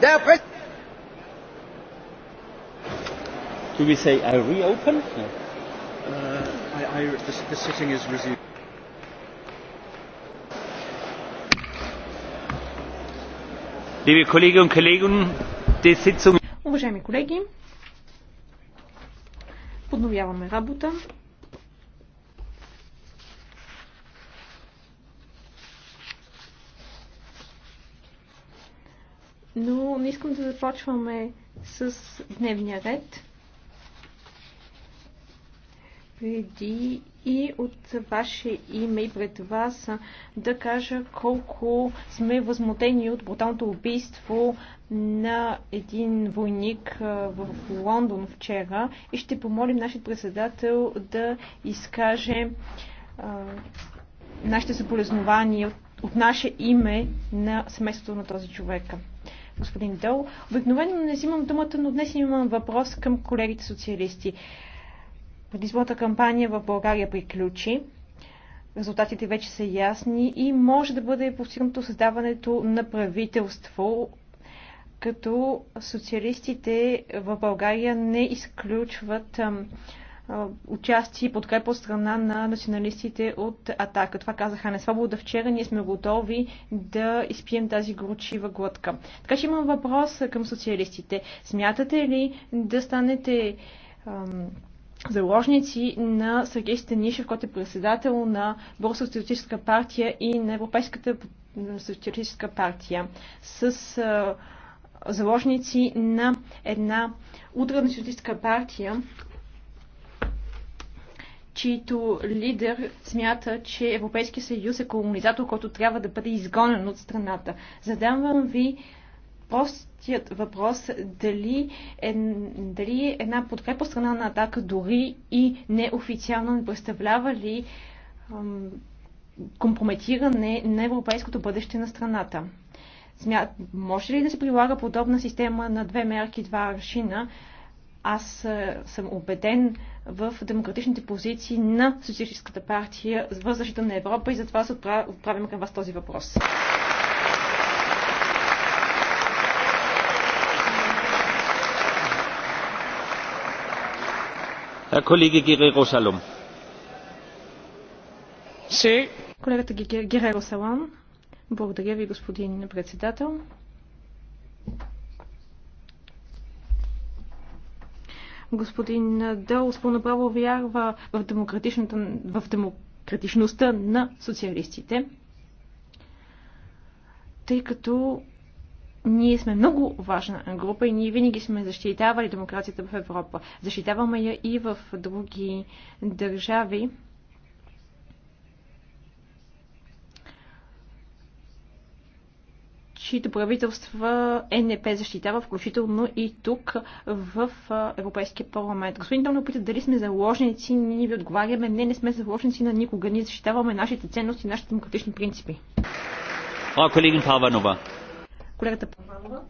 Der Präsident. Do we say I reopen? No. Uh, I, I, the, the sitting is resumed. Liebe Kolleginnen und Kollegen, die Sitzung. Уважаеми колеги, подновяваме работа. но не искам да започваме с дневния ред. Преди и от ваше име и пред вас да кажа колко сме възмутени от бруталното убийство на един войник в Лондон вчера и ще помолим нашия председател да изкаже а, нашите съболезнования от, от наше име на семейството на този човека господин Дол. Обикновено не взимам думата, но днес имам въпрос към колегите социалисти. Предизборната кампания в България приключи. Резултатите вече са ясни и може да бъде постигнато създаването на правителство, като социалистите в България не изключват участие и подкрепа от страна на националистите от Атака. Това казаха не свобода вчера. Ние сме готови да изпием тази горчива глътка. Така че имам въпрос към социалистите. Смятате ли да станете ам, заложници на Сергей Станишев, който е председател на Българска социалистическа партия и на Европейската социалистическа партия с а, заложници на една утрена социалистическа партия, чийто лидер смята, че Европейския съюз е колонизатор, който трябва да бъде изгонен от страната. Задавам ви простият въпрос дали, е, дали е една подкрепа страна на атака, дори и неофициално не представлява ли ам, компрометиране на европейското бъдеще на страната. Смят, може ли да се прилага подобна система на две мерки, два аршина? Аз е, съм убеден в демократичните позиции на Социалистическата партия в защита на Европа и затова се отправим към вас този въпрос. Колегата Герреро Салам. Благодаря ви, господин председател. господин Дълс направо вярва в, в демократичността на социалистите, тъй като ние сме много важна група и ние винаги сме защитавали демокрацията в Европа. Защитаваме я и в други държави. чието правителства НП защитава, включително и тук в Европейския парламент. Господин Томно пита дали сме заложници, ние ви отговаряме. Не, не сме заложници на никога. Ние защитаваме нашите ценности, нашите демократични принципи. А, колегин Паванова. Колегата Паванова.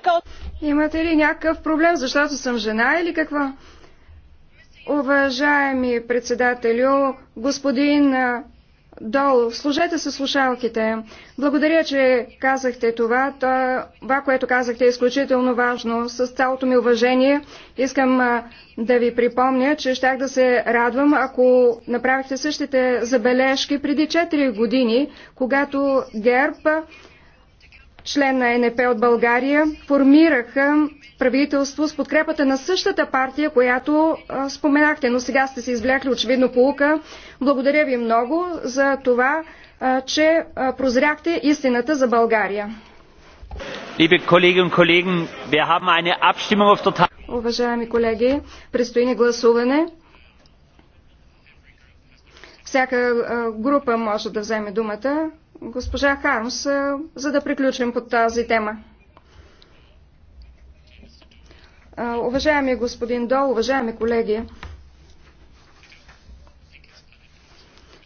Because... Имате ли някакъв проблем, защото съм жена или какво? Уважаеми председателю, господин Дол, служете се слушалките. Благодаря, че казахте това. Това, което казахте е изключително важно. С цялото ми уважение искам да ви припомня, че щях да се радвам, ако направихте същите забележки преди 4 години, когато ГЕРБ член на НП от България, формираха правителство с подкрепата на същата партия, която а, споменахте, но сега сте се извлякли очевидно полука. Благодаря ви много за това, а, че а, прозряхте истината за България. Уважаеми колеги, предстои ни гласуване. Всяка група може да вземе думата госпожа Хармс, за да приключим под тази тема. Уважаеми господин Дол, уважаеми колеги,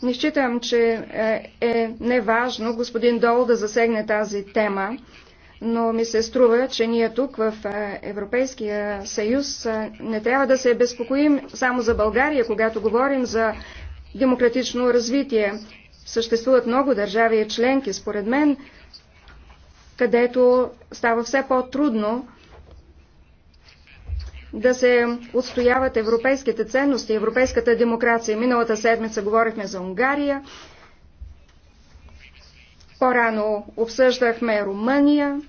не считам, че е, е неважно господин Дол да засегне тази тема, но ми се струва, че ние тук в е, Европейския съюз е, не трябва да се безпокоим само за България, когато говорим за демократично развитие. Съществуват много държави и членки, според мен, където става все по-трудно да се отстояват европейските ценности, европейската демокрация. Миналата седмица говорихме за Унгария, по-рано обсъждахме Румъния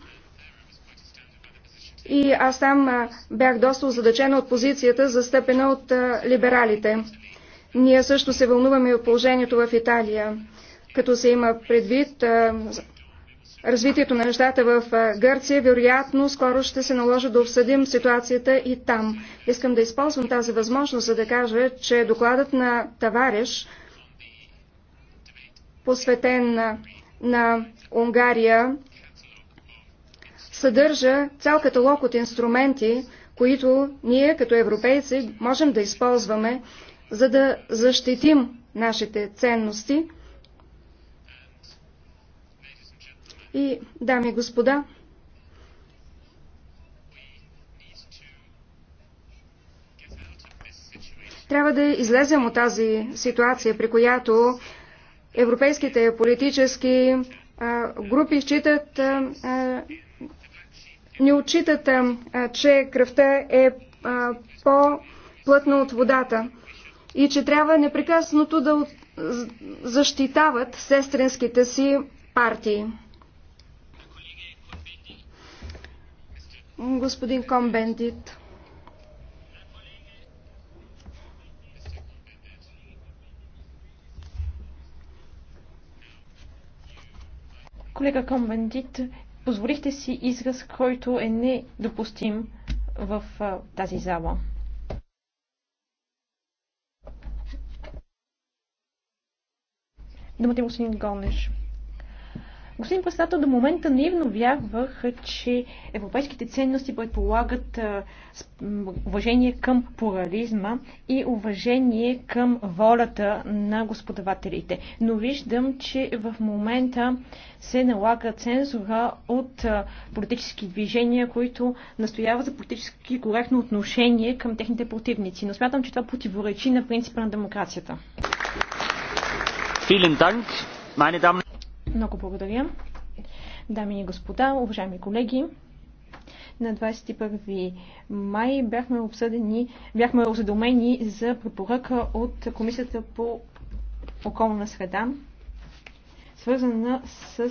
и аз там бях доста озадачена от позицията, застъпена от либералите. Ние също се вълнуваме от положението в Италия, като се има предвид развитието на нещата в Гърция, вероятно скоро ще се наложи да обсъдим ситуацията и там. Искам да използвам тази възможност, за да кажа, че докладът на Тавареш, посветен на, на Унгария, съдържа цял каталог от инструменти, които ние като европейци можем да използваме за да защитим нашите ценности. И, дами и господа, трябва да излезем от тази ситуация, при която европейските политически групи считат, не отчитат, че кръвта е по-плътна от водата и че трябва непрекъснато да защитават сестринските си партии. Господин Комбендит. Колега Комбендит, позволихте си израз, който е недопустим в тази зала. Думата има господин Гонеш. Господин председател, до момента наивно вярвах, че европейските ценности предполагат уважение към плурализма и уважение към волята на господавателите. Но виждам, че в момента се налага цензура от политически движения, които настояват за политически коректно отношение към техните противници. Но смятам, че това противоречи на принципа на демокрацията. Много благодаря. Дами и господа, уважаеми колеги, на 21 май бяхме обсъдени, бяхме озадомени за препоръка от Комисията по околна среда, свързана с